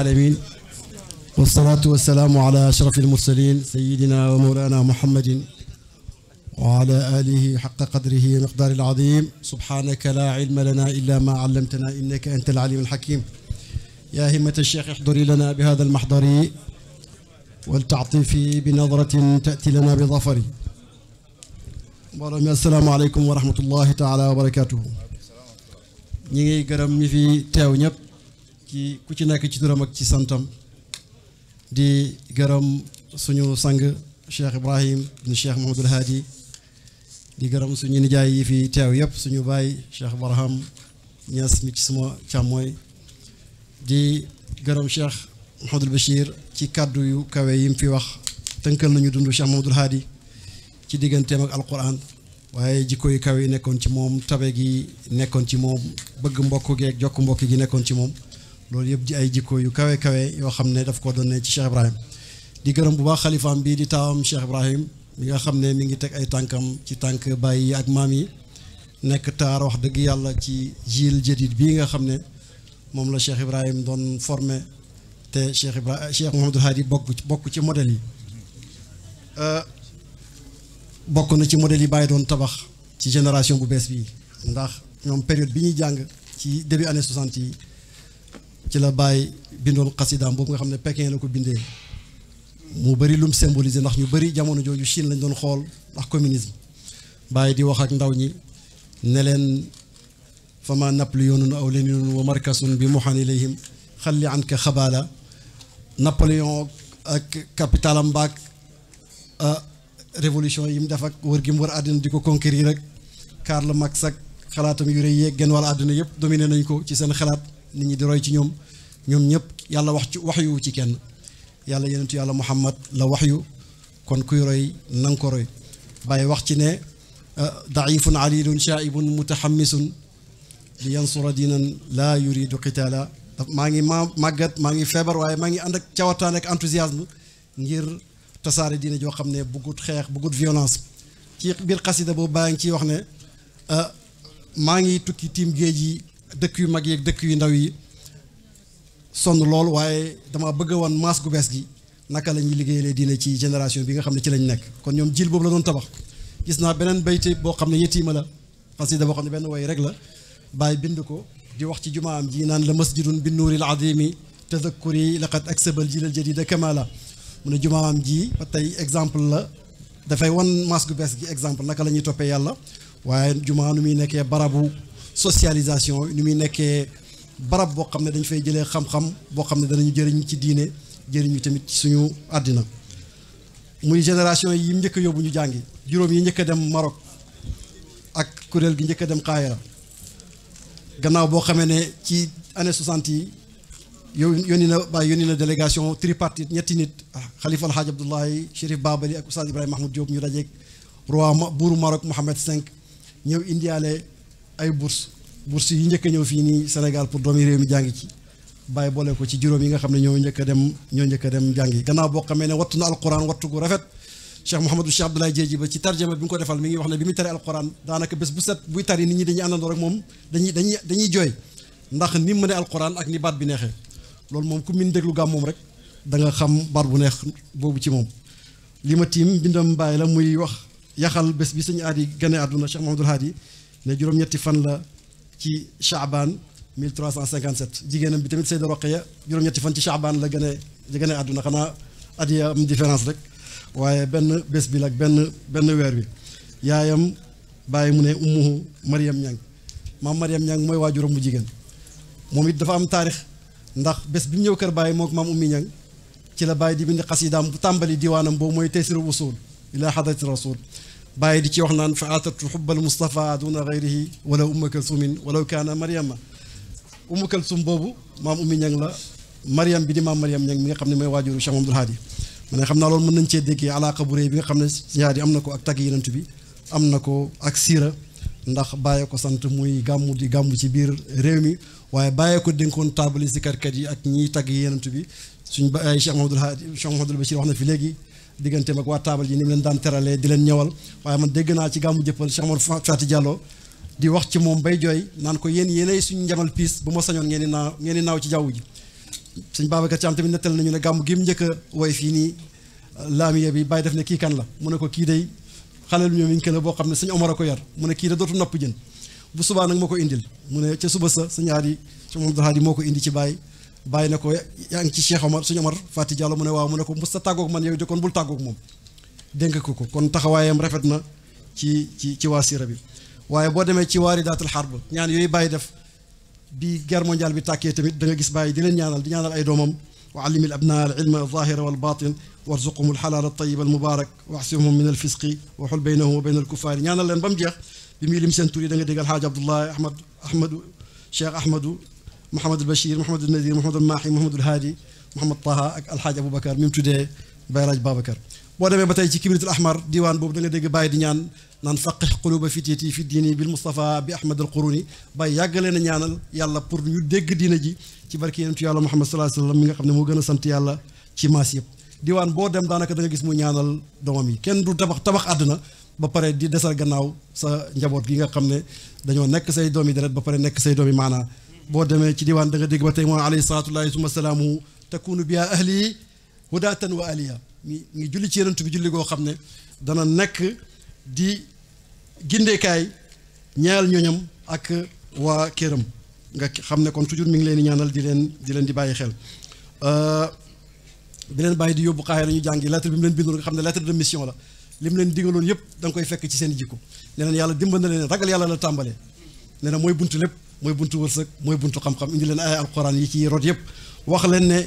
العالمين والصلاة والسلام على أشرف المرسلين سيدنا ومولانا محمد وعلى آله حق قدره مقدار العظيم سبحانك لا علم لنا إلا ما علمتنا إنك أنت العليم الحكيم يا همة الشيخ احضري لنا بهذا المحضر ولتعطفي بنظرة تأتي لنا بظفر السلام عليكم ورحمة الله تعالى وبركاته ñi ngi gërëm ñi fi teew ñëpp ci ku ci nekk ci turam ak ci santam di gërëm suñu sang Cheikh Ibrahim ibn Cheikh Mahamadul Haadi di gërëm suñu nijaay yi fi teew yëpp suñu baay Cheikh Barham Niass mi ci suma càmmooy di gërëm Cheikh Mahamadul Bachir ci kàddu yu kawe yi mu fi wax tënkal nañu dund Cheikh Mahamadul Haadi ci digganteem ak alquran waaye jikko yu kaw yi nekkoon ci moom tabe gi nekkoon ci moom bëgg mbokk gi ak jokk mbokk gi nekkoon ci moom loolu yëpp ji ay jikko yu kawe kawe yoo xam ne daf ko doonee ci Cheikh Ibrahim di gërëm bu baax xalifaam bii di taawam Cheikh Ibrahim mi nga xam ne mi ngi teg ay tànkam ci tànk baay yi maam yi nekk taar wax dëgg yàlla ci jiil jadid bii nga xam ne moom la Cheikh Ibrahim doon formé te Cheikh Ibrahim Cheikh Mouhamadou Hadi bokk bokk ci modèle yi euh, bokk na ci modèle yi bàyyi doon tabax ci génération bu bees bii ndax ñoom période bi ñuy jàng ci début année 60 yi ci la bàyyi bindoon xasidaam boobu nga xam ne Pékin la ko bindee mu bari lum symboliser ndax ñu bëri jamono jooju Chine lañ doon xool ndax communisme bàyyi di wax ak ndaw ñi ne leen fama napoléonun aw léninun wa markasun bi muhan ilayhim xalli an ka xabaala napoléon ak capitalam mbaak révolution yi mu def ak wër gi mu wër àddina di ko conquérir rek Karl Marx ak xalaatam yu rëy yeeg genn wàll àddina yëpp dominé nañ ko ci seen xalaat nit ñi di roy ci ñoom ñoom ñëpp yàlla wax ci wax yu ci kenn yàlla yenentu yàlla muhammad la wax yu kon kuy roy na nga ko roy bàyyi wax ci ne euh, daifun alilun shaaibun mutaxammisun li yansura diinan laa yuridu qitaala maa ngi ma màggat maa ngi feebar waaye maa ngi ànd ak cawartaan ngir tasaare diine joo xam ne buggut xeex buggut violence ci biir xasida boobu bàyyi ngi ciy wax ne euh, maa ngi tukki tiim géej yi dëkk yu mag yi dëkk yu ndaw yi sonn lool waaye damaa bëgg a wan maas gu bees gi naka la ñuy liggéeyalee diine ci génération bi xam ne ci lañ nekk kon ñoom jil boobu la doon tabax gis naa beneen bayti boo xam ne yetiima la xasida boo xam ne benn way rek la bàyyi bind ko di wax ci jumaam ji naan la masjidun bi nuuril adimi tadakkuri laqad aksabal jilal jadida kamala mu ne jumaam ji ba tey exemple la dafay wan maas gu bees gi exemple naka la ñuy toppee yàlla waaye jumaa nu muy nekkee barabu socialisation ni muy nekkee barab boo xam ne dañ fay jëlee xam-xam boo xam ne danañu jëriñ ci diine jëriñu tamit suñu àddina muy génération yi njëkk a yóbbu ñu jàngi juróom yi njëkk a dem Maroc ak kuréel gi njëkk a dem Kaayra gannaaw boo xamee ne ci année 60 yi yow yónni na bàyyi yónni na délégation tripartite ñetti nit xalifa ah, alxaaj Abdoulaye Chérif Babali ak Oustaz Ibrahima Mahmoud Diop ñu dajeeg roi buuru Maroc Mohamed V ñëw indiaale ay bourse bourse yi njëkk a ñëw fii nii senegal pour doomi réew mi jàng ci bàyyi booleeko ci juróom yi nga xam ne ñoo njëkk dem ñoo njëkk a dem jàngi gannaaw boo xamee ne wattu na alquran wattu gu rafet Cheikh Mouhamadou Cheikh Abdoulaye Diedhi ba ci tarjama bi mu ko defal mi ngi wax ne bi muy tari alquran daanaka bés bu set buy tari nit ñi dañuy àndandoo rek moom dañuy dañuy dañuy jooy ndax ni mu ne alquran ak ni baat bi neexee loolu moom ku déglu gàmmoom rek da nga xam baat bu neex boobu ci moom li ma tiim bindam bàyyi la muy wax yaxal bés bi sëñ aadi gane àdduna Cheikh Mouhamadou Haadi ne juróom-ñetti fan la ci Chaabaan 1357 jigéenam bi tamit Sayda Roqaya juróom-ñetti fan ci Chaabaan la gën a gën a àdduna xanaa at yi am différence rek waaye benn bés bi la ak benn benn weer wi yaayam bàyyi mu ne ummuhu Mariam Ñang maam Mariam Ñang mooy waajuram bu jigéen moom it dafa am taarix ndax bés bi mu ñëw kër bàyyi mook maam ummi Ñang ci la bàyyi di bind xasidaam bu tàmbali diwaanam boobu mooy taysiru usul ila hadrati rasul bàyyi di ci wax naan fa atatu xubbal Moustapha duna gayrihi wala umma kalsumin walaw kaana ma umma kalsum boobu maam ummi ñang la Mariam bi di maam Mariam ñang mi nga xam ne mooy waajuru Cheikh Mamadou Hadi ma ne xam naa loolu mën nañ cee déggee alaaqa bu réy bi nga xam ne Cheikh am na ko ak bi am na ko ak siira ndax bàyyee ko sant muy gàmmu di gàmmu ci biir réew mi waaye bàyyee ko dénkoon si sikarkat yi ak ñiy tagg yenant bi suñ ba Cheikh Mamadou Hadi Cheikh Mamadou Bachir wax na fi léegi digganteem ak waa taabal ji ni mu leen daan teralee di leen ñëwal waaye man dégg naa ci gàmmu jëppal Cheikh Omar Fati Diallo di wax ci moom bay jooy naan ko yéen yéenay suñu njamal piis bu ma sañoon ngeen di naaw ngeen di ci jaww ji suñ Babacar Thiam tamit nettal nañu ne gàmmu gi mu njëkk woy fii nii laamiye bi bàyyi def ne kii kan la mu ne ko kii dey xale lu ñoom ñu kële boo xam ne suñu Omar a ko yar mu ne kii de dootu nopp jën bu subaa nag moo ko indil mu ne ca suba sa suñu aadi su moom moo ko indi ci bàyyi bàyyi na ko yaa ngi ci Cheikh Omar suñu Omar Fati Diallo mu ne waaw mu ne ko mos a tàggoog man yow de kon bul tàggoog moom dénk ko ko kon taxawaayam rafet na ci ci ci waa sira bi waaye boo demee ci waari daatul xarb ñaan yooyu bàyyi def bi guerre mondiale bi tàkkee tamit da nga gis bàyyi di leen ñaanal di ñaanal ay doomam wa allimil abna al ilma alzahira walbatin warzuqhum alxalaal altayib almubarak wa axsimhum min alfisqi wa xul baynahum wa bayn alkufaari ñaanal leen ba mu jeex bi muy lim seen tur yi da nga dégg alxaaj abdullah ahmad ahmadu cheikh ahmadu Mouhamadul Bachir Mouhamadul Nadir Mouhamadul Mahi Mouhamadul Hadi Mouhamad Taha ak Alxaaj Aboubacar mi mu tuddee Bayraaj Babacar boo demee ba tey ci kibritul ahmar diwaan boobu da nga dégg bàyyi di ñaan naan faqih quluba fitiyati fi diini bil Mustafa bi Ahmad al Quruni bàyyi yàggalee na ñaanal yàlla pour ñu dégg diina ji ci barke yonentu yàlla Muhammad sallallahu alayhi wa sallam mi nga xam ne moo gën a sant yàlla ci maas yëpp diwaan boo dem daanaka da nga gis mu ñaanal doomam yi kenn du tabax tabax àdduna ba pare di desal gannaaw sa njaboot gi nga xam ne dañoo nekk say doom yi deret ba pare nekk say doom yi maanaa boo demee ci diwaan da nga dégg ba tey moom alayhi salaatullahi te salaamu takunu a ahli hudatan wa aliya mi ngi julli ci yenentu bi julli koo xam ne dana nekk di gindeekaay ñaal ñoñam ak waa këram nga xam ne kon toujours mi ngi leen di ñaanal di leen di leen di bàyyi xel bi leen bàyyi di yóbbu xaay la jàngi lettre bi mu leen bindoon nga xam ne lettre de mission la li mu leen digaloon yëpp da koy fekk ci seen jikko nee na yàlla dimbal na leen ragal yàlla la tàmbalee nee na mooy buntu lépp mooy buntu wërsëg mooy buntu xam-xam indi leen ay alxuraan yi ci root yëpp wax leen ne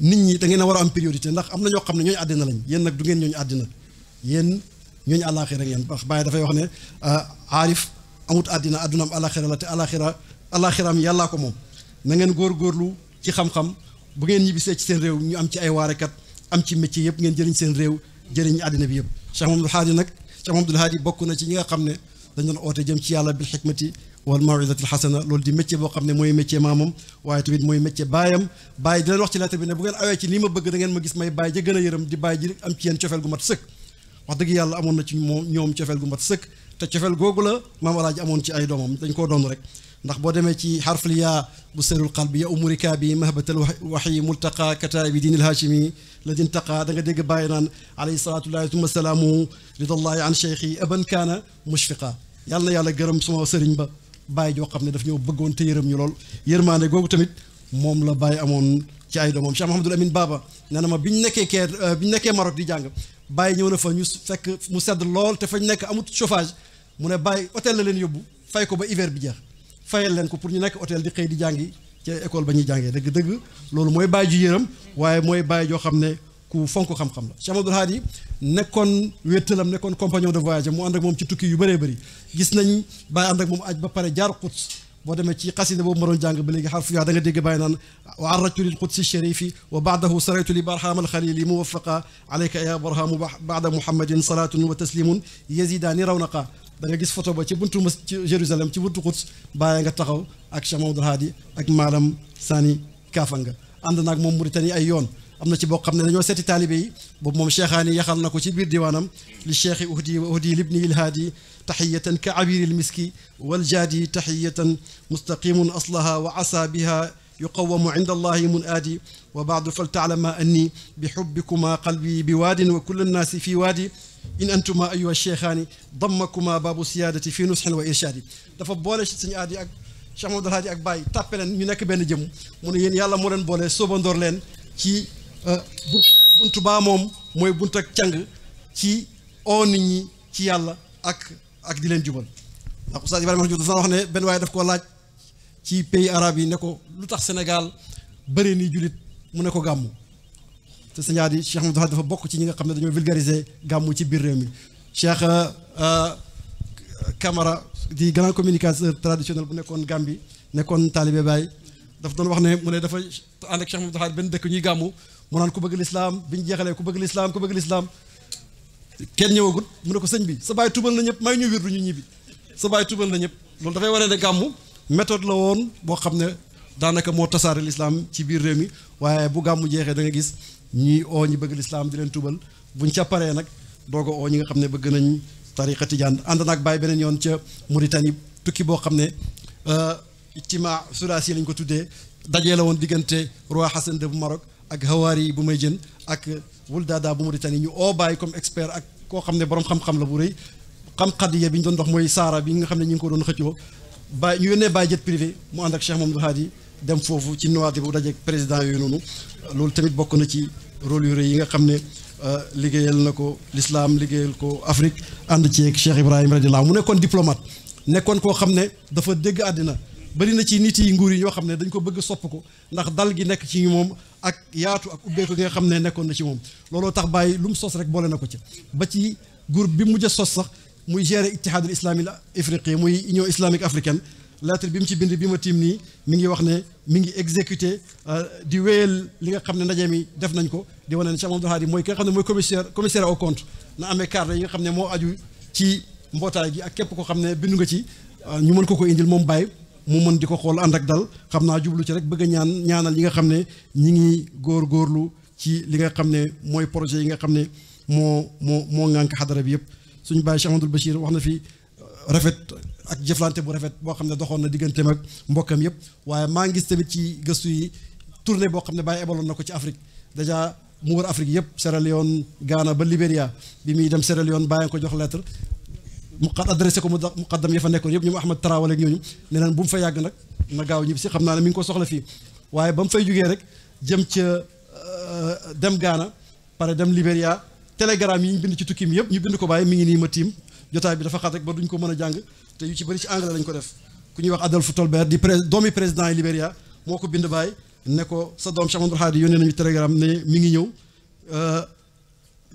nit ñi da ngeen a war a am priorité ndax am na ñoo xam ne ñooñu àddina lañ yéen nag du ngeen ñooñu àddina yéen ñooñu àllaaxira ngeen wax bàyyi dafay wax ne aarif ah, amut àddina àdduna am la te àllaaxira àllaaxiraam yàllaa ko moom na ngeen góorgóorlu ci xam bu ngeen ñibbisee ci seen réew ñu am ci ay waarekat am ci métier yëpp ngeen jëriñ seen réew jëriñ àddina bi yëpp Cheikh Mamadou Haadi nag Cheikh Mamadou Haadi bokk na ci ñi nga xam ne dañ doon oote jëm ci yàlla bil xikmati wal mawidatil xasana loolu di métier boo xam ne mooy métier maamam waaye tamit mooy métier baayam bàyyi di leen wax ci lettre bi ne bu ngeen awee ci lii ma a yërëm yàlla amoon na ci moom ñoom cofeel gu mat sëkk te cofeel googu la maam alaaji amoon ci ay doomam dañ koo doon rek ndax boo demee ci xarfal yaa bu seerul qalbi ya umuri kaabi mahbatal waxi multaqa kataabi diinil haashimi la din taqa da nga dégg bàyyi naan alayhi salaatullahi tuma salaamu ridallahi an cheikhi aban kaana mushfiqa yàlla na yàlla gërëm suma sëriñ ba bàyyi joo xam ne daf ñoo bëggoon te yërëm ñu lool yërmaande googu tamit moom la bàyyi amoon ci ay doomam Cheikh Mahamadul Amin baaba nee na ma biñu nekkee keer euh, biñu nekkee Maroc di jàng bàyyi ñëw na fa ñu fekk mu sedd lool te fañ nekk amut chauffage mu ne bàyyi hôtel la leen yóbbu fay ko ba hiver bi jeex fayal leen ko pour ñu nekk hôtel di xëy di jàngi ci école ba ñuy jàngee dëgg-dëgg loolu mooy bàyyi ju yërëm waaye mooy bàyyi joo xam ne ku fonk xam-xam la Cheikh Abdoul Hadi nekkoon wéttalam nekkoon compagnon de voyage mu ànd ak moom ci tukki yu bëree bëri gis nañ bàyyi ànd ak moom aj ba pare jaar Quds boo demee ci xasida boobu ma doon jàng ba léegi xarfu yaa da nga dégg bàyyi naan wa arrajtu lil qudsi sharifi wa baadahu saraytu li barham alxalili muwafaqa alayka ya barhamu baada muhammadin salatun wa nga gis photo ba ci buntu mas ci Jérusalem ci buntu nga taxaw ak Cheikh Abdoul Hadi ak maalam Sani Kafanga ànd naag moom Mauritanie ay yoon am na ci boo xam ne dañoo seeti taalibe yi boobu moom cheikhaani yaxal na ko ci biir diwaanam li cheikhi uhdi wa uhdi libni ilhaadi taxiyatan ka abiril miski waljaadi taxiyatan mustaqimun aslaha wa asa biha yuqawamu inda allahi mun aadi wa baadu faltaalama anni bi xubbikuma qalbi bi waadin wa kulla annaasi fi waadi in antuma ayuha cheikhaani dammakuma baabu siyaadati fi nusxin wa irshaadi dafa boole si suñu aadi ak Cheikh Mamadou Alhaaji ak Baye tàppe leen ñu nekk benn jëm mu ne yéen yàlla moo leen boole soobandoor leen ci Euh, buntu baa moom mooy bunt ak cang ci oo nit ci yàlla ak ak di leen jubal ndax Oustaz Ibrahima Diouf dafa wax ne benn waaye daf ko laaj ci pays yi ne ko lu tax Sénégal bëree nii jullit mu ne ko gàmmu te sëñ Adi Cheikh Mouhamed dafa bokk ci ñi nga xam ne dañoo vulgariser gàmmu ci biir réew mi Cheikh euh, euh, Camara di grand communicateur traditionnel bu nekkoon Gambie nekkoon Talibe Baye dafa doon wax ne mu ne dafa ànd ak Cheikh Mouhamed benn dëkk ñuy gàmmu. mu naan ku bëgg lislaam bi ñu jeexalee ku bëgg lislaam ku bëgg lislaam kenn ñëwagut mu ne ko sëñ bi sa baay tubal na ñëpp may ñu wirdu ñu ñibbi sa baay tubal na ñëpp loolu dafay waree ne gàmmu méthode la woon boo xam ne daanaka moo tasaare lislaam ci biir réew mi waaye bu gàmmu jeexee da nga gis ñii oo ñi bëgg lislaam di leen tubal buñ ca paree nag doog ko oo ñi nga xam ne bëgg nañ tariqa tijaan ànd naag baay beneen yoon ca Mauritanie tukki boo xam ne euh, ictimaa sulaasi lañ ko tuddee dajee woon diggante roi Hassan bu Maroc ak hawaari bu may jën ak wuldaada bu Mauritanie ñu oo bàyyi comme expert ak koo xam ne borom xam-xam la bu rëy xam-xadiya bi ñu doon ndox mooy saara bi nga xam ne ñu ngi ko doon xëccoo bàyyi ñu yónnee bàyyi jet privé mu ànd ak moom Mamadou Hadi dem foofu ci nuwaate bu dajeeg président yooyu noonu loolu tamit bokk na ci rôle yu rëy yi nga xam ne euh, liggéeyal na ko lislaam liggéeyal ko Afrique ànd ci ak Cheikh Ibrahim laa mu nekkoon diplomate nekkoon koo xam ne dafa dégg àddina bari na ci nit yi nguur yi xam ne dañ ko bëgg sopp ko ndax dal gi nekk ci moom ak yaatu ak ubbeeku gi nga xam ne nekkoon na ci moom looloo tax bàyyi lu mu sos rek boole na ko ci ba ci groupe bi mujj sos sax muy gérer ittihaadul islami afriqi muy union islamique africaine lettre bi mu ci bind bi ma tiim nii mi ngi wax ne mi ngi exécuté euh, di wéyal li nga xam ne ndaje mi def nañ ko di wane ne Cheikh Mamadou Hadi mooy ki nga xam ne mooy commissaire commissaire au compte na amee carte yi nga xam ne moo aju ci mbootaay gi ak képp koo xam ne bindu nga ci euh, ñu mën ko ko indil moom bàyyi mu mën di ko xool ànd ak dal xam naa jublu ci rek bëgg a ñaan ñaanal ñi nga xam ne ñi ngi góor góorlu ci li nga xam ne mooy projet yi nga xam ne moo moo moo ŋànk xadara bi yëpp suñu bàyyi Cheikh Amadou Bachir wax na fi euh, rafet ak jëflante bu rafet boo xam ne doxoon na digganteem ak mbokkam yëpp waaye maa ngi gis tamit ci gëstu yi tournée boo xam ne bàyyi ebaloon na ko ci Afrique dèjà mu war Afrique yëpp Sierra yoon Ghana ba Libéria bi muy dem Sierra yoon bàyyi ko jox lettre mu xat adressé ko mu muqaddam ya fa nekkoon yëpp ñoom Ahmad Traoré ak ñooñu ne leen bu mu fa yàgg nag na gaaw ñibbi si xam naa ne mi ngi ko soxla fii waaye ba mu fay jógee rek jëm ca euh, dem gaana pare dem Libéria télégramme yi ñu bind ci tukki mi yëpp ñu bind ko bàyyi mi ngi nii ma tiim jotaay bi dafa xat rek ba duñ ko mën a jàng te yu ci bëri ci anglais lañ ko def ku ñuy wax Adolphe Tolbert di pré doomi président yi Libéria moo ko bind bàyyi ne ko sa doom Cheikh Mamadou Hadi yónnee nañu télégramme ne mi ngi ñëw euh,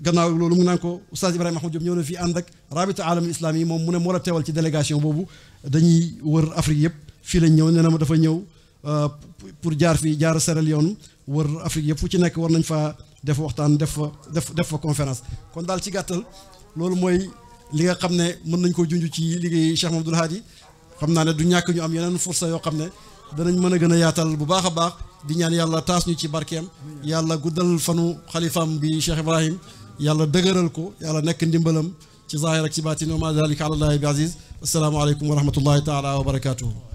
gannaaw loolu mu ngi naan ko oustaz Ibrahima Mahmoud Diop ñëw na fii ànd ak rabita alam islam yi moom mu ne moo la teewal ci délégation boobu dañuy wër Afrique yëpp fii lañ ñëw nee na ma dafa ñëw euh, pour jaar fii jaar Sierra Leone wër Afrique yëpp fu ci nekk war nañ fa def waxtaan def fa def def fa conférence kon daal ci gàttal loolu mooy li nga xam ne mën nañ koo junj ci liggéey Cheikh Mamadou Hadi xam naa ne du ñàkk ñu am yeneen force yoo xam ne danañ mën a gën a yaatal bu baax a baax di ñaan yàlla taas ñu ci barkeem yàlla guddal fanu xalifaam bi Cheikh Ibrahim yàlla dëgëral ko yàlla nekk ndimbalam ci zaahir ak ci baatin wa maa zaalika alallaahi bi aziz assalaamu aleykum wa rahmatullahi taala wa barakaatuhu